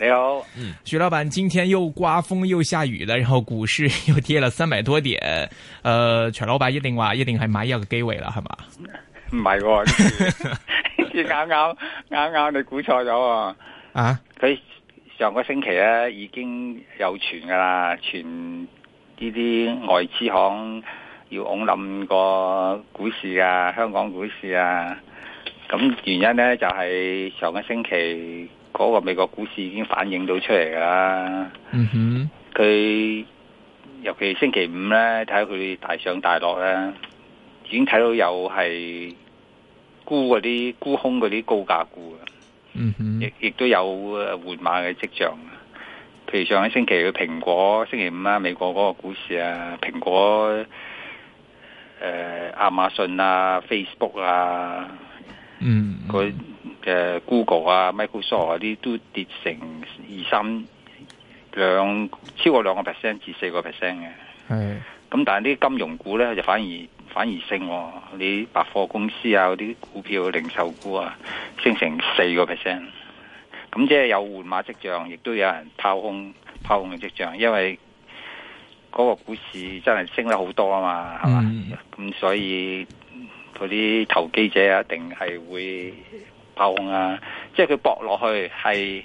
你好，嗯，徐老闆，今天又刮風又下雨啦，然後股市又跌了三百多點，誒、呃，徐老闆一定話一定係買一個機會啦，係嘛？唔係、哦，呢次啱啱啱啱你估錯咗啊！佢上個星期咧已經有傳噶啦，傳呢啲外資行要拱冧個股市啊，香港股市啊，咁、嗯、原因咧就係、是、上個星期。嗰個美國股市已經反映到出嚟㗎啦，佢、mm hmm. 尤其星期五咧，睇下佢大上大落咧，已經睇到有係沽嗰啲沽空嗰啲高價股啊，亦亦、mm hmm. 都有換馬嘅跡象。譬如上一星期嘅蘋果，星期五啊，美國嗰個股市啊，蘋果、誒、呃、亞馬遜啊、Facebook 啊。嗯，佢、嗯、誒，Google 啊，Microsoft 嗰、啊、啲都跌成二三兩，超過兩個 percent 至四個 percent 嘅。係，咁的但係啲金融股咧就反而反而升，哦，你百貨公司啊啲股票，零售股啊，升成四個 percent。咁即係有換馬跡象，亦都有人拋空拋空嘅跡象，因為嗰個股市真係升得好多啊嘛，係嘛、嗯，咁所以。嗰啲投機者啊，一定係會拋空啊，即係佢搏落去係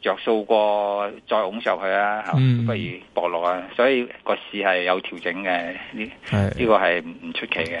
着數過再拱上去啊，嗯、不如搏落啊，所以個市係有調整嘅，呢呢的個係唔出奇嘅。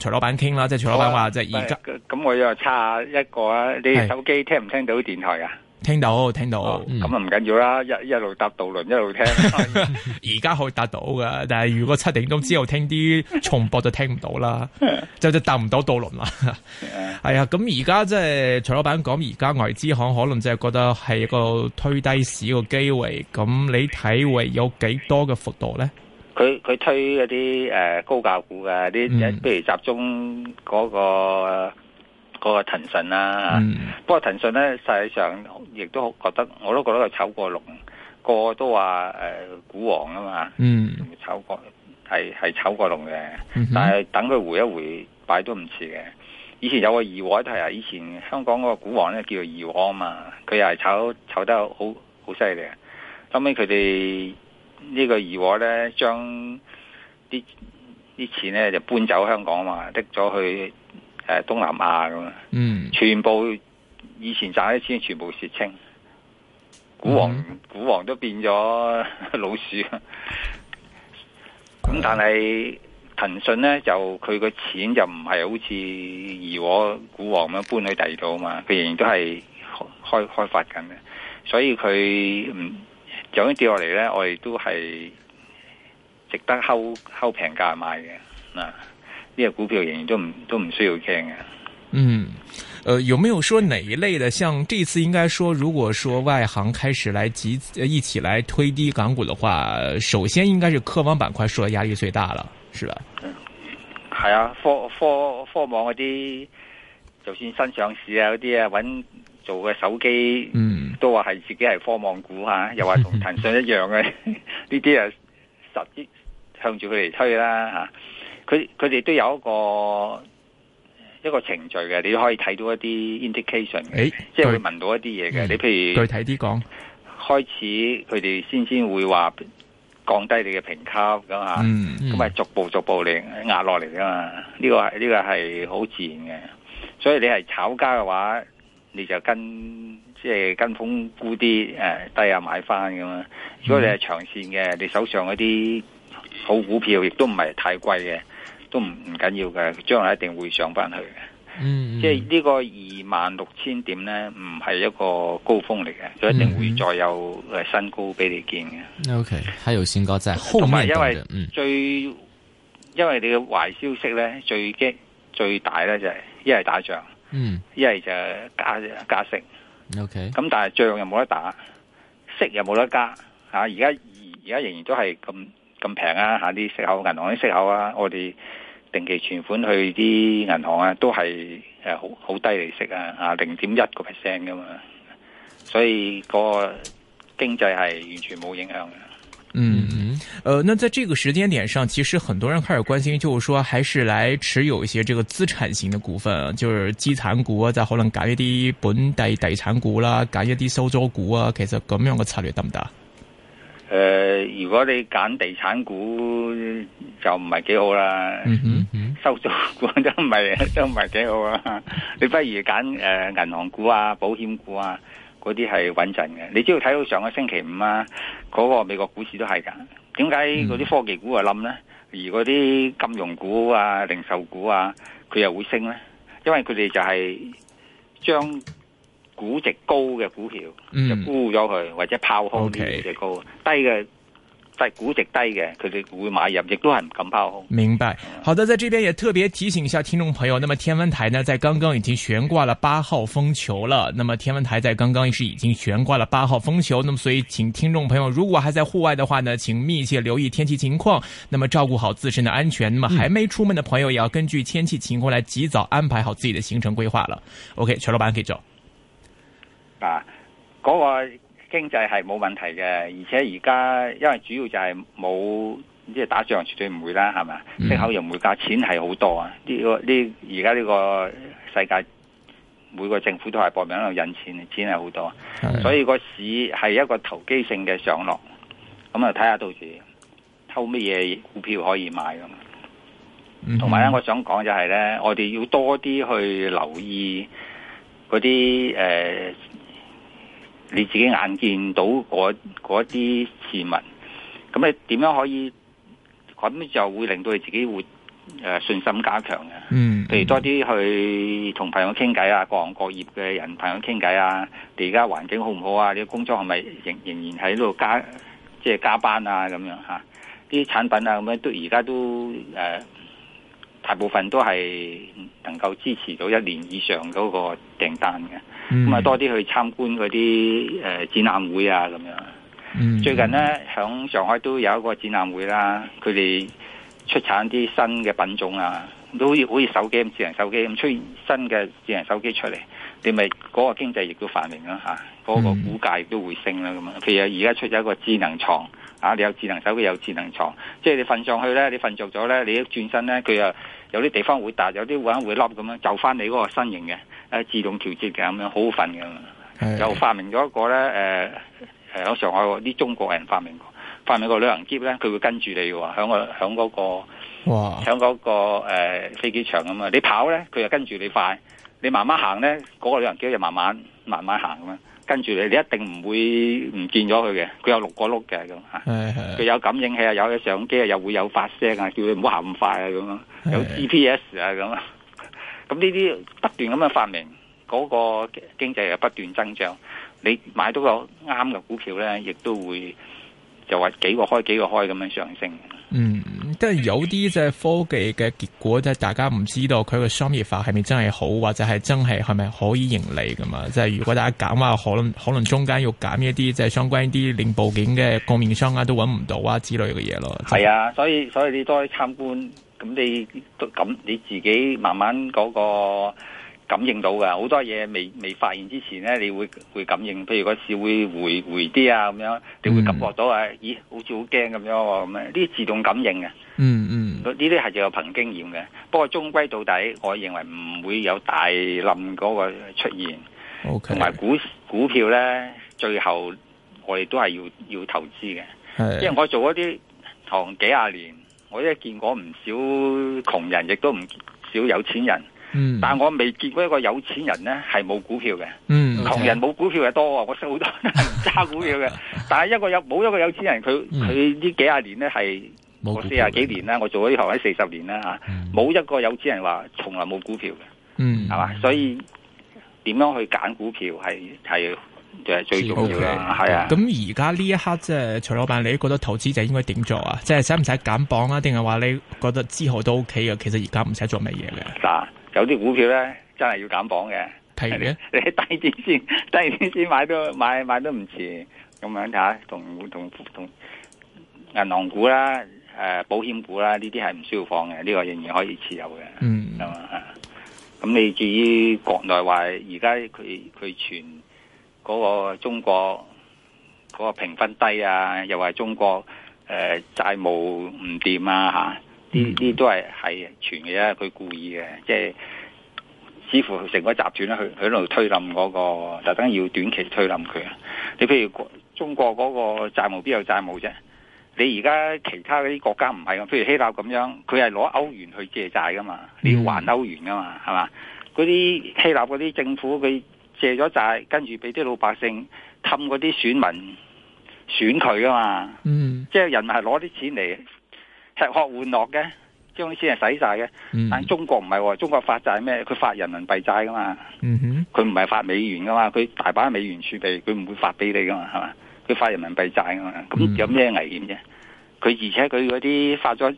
徐老闆傾啦，即係徐老闆話，啊、即係而家咁，我又差一,一個啊！你手機聽唔聽到電台啊？是聽到，聽到，咁啊唔緊要啦，一一路搭渡輪一路聽，而家可以搭到噶，但係如果七點鐘之後聽啲重播就聽唔到啦， 就就搭唔到渡輪啦。係啊，咁而家即係徐老闆講，而家外資行可能就係覺得係一個推低市個機會，咁你睇會有幾多嘅幅度咧？佢佢推嗰啲誒高價股嘅啲，譬、嗯、如集中嗰、個嗰、個騰訊啦、啊嗯、不過騰訊咧實際上亦都覺得我都覺得佢炒過龍，個個都話誒股王啊嘛。嗯，炒過係係炒過龍嘅，嗯、哼但係等佢回一回，擺都唔遲嘅。以前有個怡和都係，以前香港嗰個股王咧叫做怡和啊嘛，佢又係炒炒得好好犀利，後尾佢哋。個和呢個怡和咧，將啲啲錢咧就搬走香港嘛，搦咗去誒、呃、東南亞咁，全部以前賺啲錢全部蝕清，股王股、嗯、王，王都變咗老鼠。咁、嗯、但係、嗯、騰訊咧就佢個錢就唔係好似怡和股王咁搬去第二度啊嘛，佢仍然都係開開發緊嘅，所以佢唔。嗯就咁跌落嚟咧，我哋都係值得慳慳平價買嘅嗱，呢、啊這個股票仍然都唔都唔需要驚嘅。嗯，誒、呃，有冇有說哪一類嘅？像這次應該說，如果說外資開始來即係，一起來推低港股嘅話，首先應該是科網板塊受到壓力最大啦，是吧？係、嗯、啊，科科科網嗰啲，就算新上市啊嗰啲啊，搵做嘅手機，嗯。都話係自己係科網股吓，又話同騰訊一樣嘅呢啲啊，十億向住佢嚟推啦吓。佢佢哋都有一個一個程序嘅，你可以睇到一啲 indication 誒、欸，即係會聞到一啲嘢嘅。欸、你譬如具體啲講，講開始佢哋先先會話降低你嘅評級咁啊，咁係、嗯嗯、逐步逐步嚟壓落嚟噶嘛。呢、啊這個係呢、這個係好、這個、自然嘅。所以你係炒家嘅話，你就跟。即係跟風沽啲誒低啊，買翻咁啊。如果你係長線嘅，嗯、你手上嗰啲好股票，亦都唔係太貴嘅，都唔唔緊要嘅。將來一定會上翻去嘅。嗯，即係呢個二萬六千點咧，唔係一個高峰嚟嘅，就、嗯、一定會再有誒新高俾你見嘅。O K，喺係有新高好。同埋、嗯、因為最因為你嘅壞消息咧，最激最大咧就係一係打仗，嗯，一係就係加加息。OK，咁但係賬又冇得打，息又冇得加，吓，而家而家仍然都係咁咁平啊！吓，啲息口銀行啲息口啊，我哋定期存款去啲銀行啊，都係誒好好低利息啊，啊零點一個 percent 噶嘛，所以個經濟係完全冇影響嘅。嗯嗯。誒、呃，那在這個時間點上，其實很多人開始關心，就是說，還是來持有一些這個資產型的股份，就是資產股啊，再可能揀一啲本地地產股啦，啊，揀一啲收租股啊。其實咁樣嘅策略得唔得？誒、呃，如果你揀地產股就唔係幾好啦，嗯、哼哼收租股都唔係 都唔係幾好啊。你不如揀誒銀行股啊、保險股啊，嗰啲係穩陣嘅。你只要睇到上個星期五啊，嗰、那個美國股市都係噶。點解嗰啲科技股啊冧咧？而嗰啲金融股啊、零售股啊，佢又會升咧？因為佢哋就係將估值高嘅股票，就沽咗佢，或者拋空啲估值高 Okay. 低嘅。但係估值低嘅，佢哋會買入，亦都係唔敢拋空。明白，好的，在這邊也特別提醒一下聽眾朋友。那麼天文台呢，在剛剛已經懸掛了八號風球了。那麼天文台在剛剛是已經懸掛了八號風球。那麼所以，請聽眾朋友如果還在戶外的話呢，請密切留意天氣情況，那麼照顧好自身的安全。那麼還沒出門的朋友，也要根據天氣情況來及早安排好自己的行程規劃了。嗯、OK，全老闆可以做。啊，那個。經濟係冇問題嘅，而且而家因為主要就係冇即係打仗，絕對唔會啦，係咪？出口又唔會，價錢係好多啊！呢個呢，而家呢個世界每個政府都係搏命喺度印錢，錢係好多，mm hmm. 所以個市係一個投機性嘅上落。咁啊，睇下到時抽乜嘢股票可以買咁。同埋咧，我想講就係咧，我哋要多啲去留意嗰啲誒。呃你自己眼見到嗰啲市民，咁你點樣可以咁就會令到你自己會誒、呃、信心加強嘅？嗯，譬如多啲去同朋友傾偈啊，各行各業嘅人朋友傾偈啊，你而家環境好唔好啊？你工作係咪仍仍然喺度加即係加班啊？咁樣嚇，啲、啊、產品啊咁樣都而家都誒。呃大部分都係能夠支持到一年以上嗰個訂單嘅，咁啊、嗯、多啲去參觀嗰啲誒展覽會啊咁樣。嗯、最近咧響上海都有一個展覽會啦，佢哋出產啲新嘅品種啊，都好似手機、智能手機咁，出現新嘅智能手機出嚟，你咪嗰個經濟亦都繁榮啦嚇，嗰、啊那個股價亦都會升啦咁啊。譬、嗯、如而家出咗一個智能牀。啊！你有智能手機，有智能床，即係你瞓上去咧，你瞓着咗咧，你一轉身咧，佢又有啲地方會彈，有啲位會笠咁樣，就翻你嗰個身形嘅，誒自動調節嘅咁樣，好好瞓嘅。又的發明咗一個咧，誒、呃、誒，喺上海啲中國人發明過，發明個旅行機咧，佢會跟住你嘅喎，響個響嗰個，響嗰哇、嗰個誒、呃、飛機場咁啊！你跑咧，佢又跟住你快；你慢慢行咧，嗰、嗰個旅行機就慢慢慢慢行咁樣。跟住你，你一定唔會唔見咗佢嘅，佢有六個轆嘅咁吓，佢 有感應器啊，有啲相機啊，又會有發聲啊，叫佢唔好行咁快啊咁樣，有 GPS 啊咁，咁呢啲不斷咁樣發明，嗰個經濟又不斷增長，你買到個啱嘅股票呢，亦都會。就話幾個開幾個開咁樣上升。嗯，即係有啲即係科技嘅結果，即係大家唔知道佢嘅商業化係咪真係好，或者係真係係咪可以盈利噶嘛？即係如果大家減話，可能可能中間要減一啲即係相關啲零部件嘅供應商啊，都揾唔到啊之類嘅嘢咯。係啊，所以所以你多啲參觀，咁你都咁你自己慢慢嗰個。感應到嘅好多嘢，未未發現之前咧，你會會感應，譬如個市會回回啲啊，咁樣你會感覺到啊，嗯、咦，好似好驚咁樣喎，咁啊，呢啲自動感應嘅、嗯，嗯嗯，呢啲係就有憑經驗嘅，不過終歸到底，我認為唔會有大冧嗰個出現，同埋 okay, 股股票咧，最後我哋都係要要投資嘅，的因為我做一啲行幾廿年，我亦見過唔少窮人，亦都唔少有錢人。嗯，但我未見過一個有錢人咧係冇股票嘅。嗯，窮人冇股票嘅多啊。我識好多揸股票嘅， 但係一個有冇一個有錢人，佢佢呢幾廿年咧係冇四廿幾年啦，我做呢行喺四十年啦吓，冇、啊嗯、一個有錢人話從來冇股票嘅。嗯，係嘛，所以點樣去揀股票係係最重要嘅。係 OK 啊，咁而家呢一刻即係徐老闆，你覺得投資者應該點做啊？即係使唔使減磅啊？定係話你覺得之後都 O K 嘅？其實而家唔使做乜嘢嘅。有啲股票咧，真係要減磅嘅。係的 啊，你低啲先，低啲先買都買買都唔遲。咁樣睇下，同同同銀行股啦，誒、呃，保險股啦，呢啲係唔需要放嘅，呢、這個仍然可以持有嘅。嗯嗯。咁咁你至於國內話，而家佢佢全嗰個中國嗰個評分低啊，又話中國誒債、呃、務唔掂啊，吓、啊。呢啲、mm hmm. 都係係傳嘅，啫，佢故意嘅，即、就、係、是、似乎成個集團咧，佢喺度推冧嗰、那個，就特登要短期推冧佢。你譬如中國嗰個債務邊有債務啫？你而家其他嗰啲國家唔係，譬如希臘咁樣，佢係攞歐元去借債噶嘛，你要、mm hmm. 還歐元噶嘛，係嘛？嗰啲希臘嗰啲政府佢借咗債，跟住俾啲老百姓氹嗰啲選民選佢噶嘛？嗯、mm，hmm. 即係人民係攞啲錢嚟。吃喝玩樂嘅，將啲錢係使晒嘅。但中國唔係、哦，中國發債咩？佢發人民幣債噶嘛，佢唔係發美元噶嘛。佢大把美元儲備，佢唔會發俾你噶嘛，係嘛？佢發人民幣債噶嘛。咁有咩危險啫？佢而且佢嗰啲發咗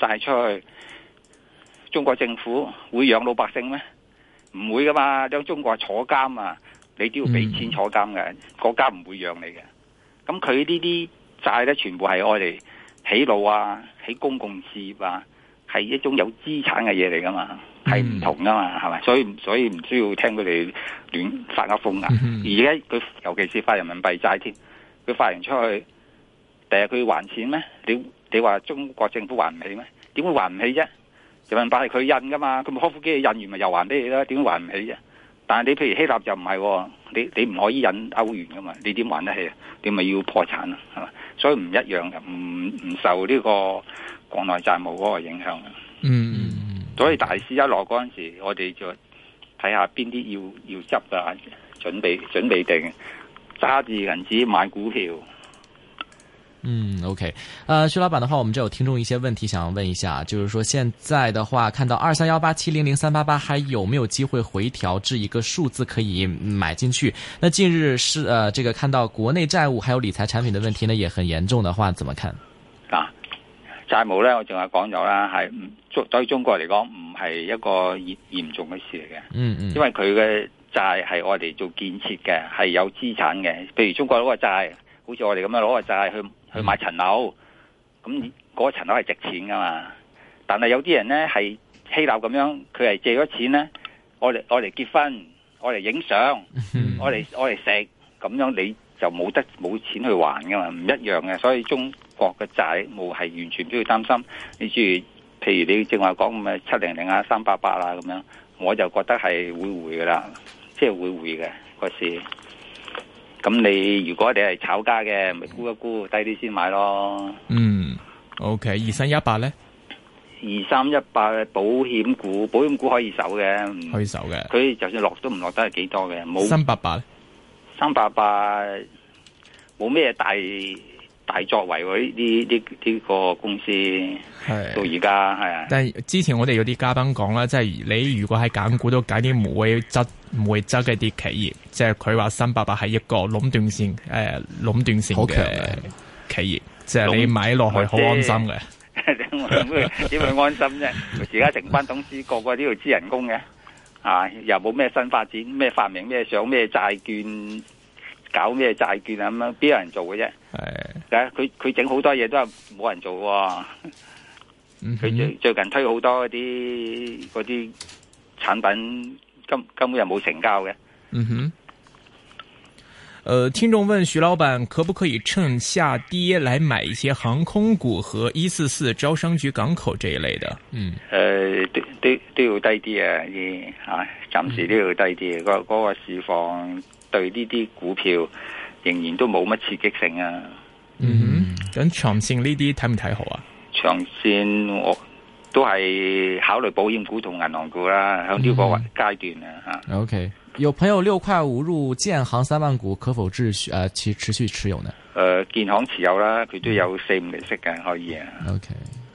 債出去，中國政府會養老百姓咩？唔會噶嘛。當中國坐監啊，你都要俾錢坐監嘅，國家唔會養你嘅。咁佢呢啲債咧，全部係我哋。起路啊，起公共事業啊，係一種有資產嘅嘢嚟噶嘛，係唔同噶嘛，係咪，mm hmm.？所以所以唔需要聽佢哋亂發下瘋啊！Mm hmm. 而家佢尤其是發人民幣債添，佢發完出去，第日佢還錢咩？你你話中國政府還唔起咩？點會還唔起啫？人民幣係佢印噶嘛，佢咪開腹機印完咪又還畀你啦？點會還唔起啫？但係你譬如希臘就唔係，哦，你你唔可以引歐元噶嘛，你點還得起啊？你咪要破產啦，係嘛？所以唔一樣嘅，唔唔受呢個國內債務嗰個影響嘅。嗯，嗯，嗯，所以大市一落嗰陣時，我哋就睇下邊啲要要執啊，準備準備定揸住銀紙買股票。嗯，OK，呃，徐老闆的話，我們這有聽眾一些問題想要問一下，就是說現在的話，看到二三幺八七零零三八八，還有沒有機會回調至一個數字可以買進去？那近日是，呃，這個看到國內債務還有理財產品的問題呢，也很嚴重的話，怎麼看？嗱、啊，債務咧，我仲係講咗啦，係中對中國嚟講唔係一個嚴嚴重嘅事嚟嘅。嗯嗯，因為佢嘅債係我哋做建設嘅，係有資產嘅，譬如中國嗰個債，好似我哋咁樣攞個債去。去買層樓，咁嗰層樓係值錢噶嘛？但係有啲人咧係欺樓咁樣，佢係借咗錢咧，我嚟我嚟結婚，我嚟影相，我嚟我嚟食，咁樣你就冇得冇錢去還噶嘛？唔一樣嘅，所以中國嘅債務係完全都要擔心。你至如譬如你正話講咁啊，七零零啊，三八八啊咁樣，我就覺得係會回噶啦，即係會回嘅，嗰時。咁你如果你係炒家嘅，咪估一估低啲先買咯。嗯，OK，二三一八咧，二三一八嘅保險股，保險股可以守嘅，可以守嘅。佢就算落都唔落得係幾多嘅，冇。三八八，三八八，冇咩大。大作為喎啲呢呢個公司，係到而家係。是但係之前我哋有啲嘉賓講啦，即、就、係、是、你如果喺揀股都緊啲唔會執唔會執一啲企業，即係佢話三百八係一個壟斷性誒壟斷性嘅企業，即、就、係、是、你買落去好安心嘅。因為 安心啫，而家成班董事個，個個都要知人工嘅，啊又冇咩新發展，咩發明，咩想咩債券。搞咩債券啊咁樣，邊有人做嘅啫？係 Hey.，佢佢整好多嘢都係冇人做，佢 最最近推好多啲嗰啲產品，根根本又冇成交嘅。嗯哼。呃，聽眾問徐老闆，可不可以趁下跌來買一些航空股和一四四招商局港口這一類的？嗯，誒、呃，都都都要低啲啊，啲、哎、吓，暫時都要低啲，嗰嗰、嗯、個市況。對呢啲股票仍然都冇乜刺激性啊。嗯哼，咁長線呢啲睇唔睇好啊？長線我都係考慮保險股同銀行股啦，響呢個階段啊，嗯。OK，有朋友六塊五入建行三萬股，可否持續持持續持有呢？誒，呃，建行持有啦，佢都有四五厘息嘅，可以啊。OK。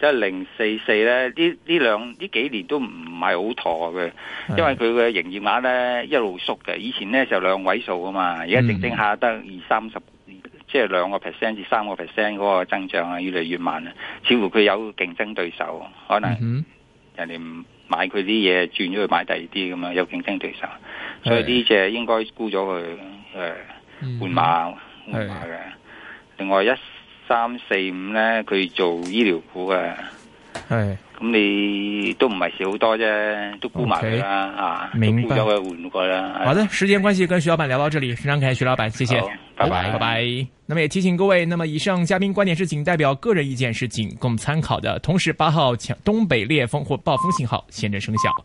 即係零四四咧，呢呢兩呢幾年都唔係好妥嘅，是的 因為佢嘅營業額咧一路縮嘅。以前咧就兩位數啊嘛，而家整整下得二三十，即係兩個 percent 至三個 percent 嗰個增長啊，越嚟越慢啊。似乎佢有競爭對手，可能、嗯、哼 人哋唔買佢啲嘢轉咗去買第二啲咁啊，有競爭對手，是的 所以呢隻應該沽咗佢誒換馬換馬嘅。另外一三四五呢，佢做醫療股嘅，係咁、哎嗯、你都唔係少好多啫，都估埋佢啦啊，白未估到嘅換過啦。好的，時間關係跟徐老闆聊到這裏，非常感謝徐老闆，謝謝，拜拜拜拜。那麼也提醒各位，那麼以上嘉賓觀點是僅代表個人意見，是僅供參考的。同時，八號強東北烈風或暴風信號現正生效。